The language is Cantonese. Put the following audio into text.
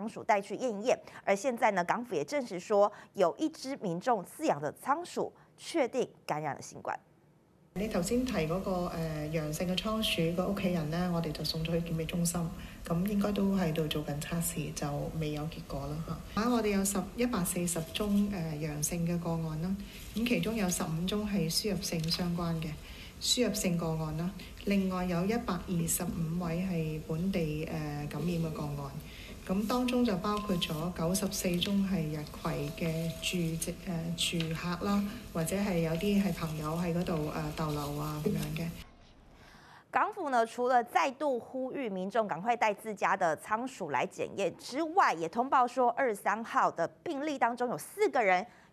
倉鼠帶去驗一驗，而現在呢，港府也證實說有一隻民眾飼養的倉鼠確定感染了新冠。你頭先提嗰個誒陽性嘅倉鼠個屋企人咧，我哋就送咗去檢疫中心，咁應該都喺度做緊測試，就未有結果啦。而我哋有十一百四十宗誒陽性嘅個案啦，咁其中有十五宗係輸入性相關嘅輸入性個案啦，另外有一百二十五位係本地誒感染嘅個案。咁當中就包括咗九十四宗係日葵嘅住藉誒住客啦，或者係有啲係朋友喺嗰度誒逗留啊咁樣嘅。港府呢，除了再度呼籲民眾趕快帶自家的倉鼠來檢驗之外，也通報說二三號的病例當中有四個人。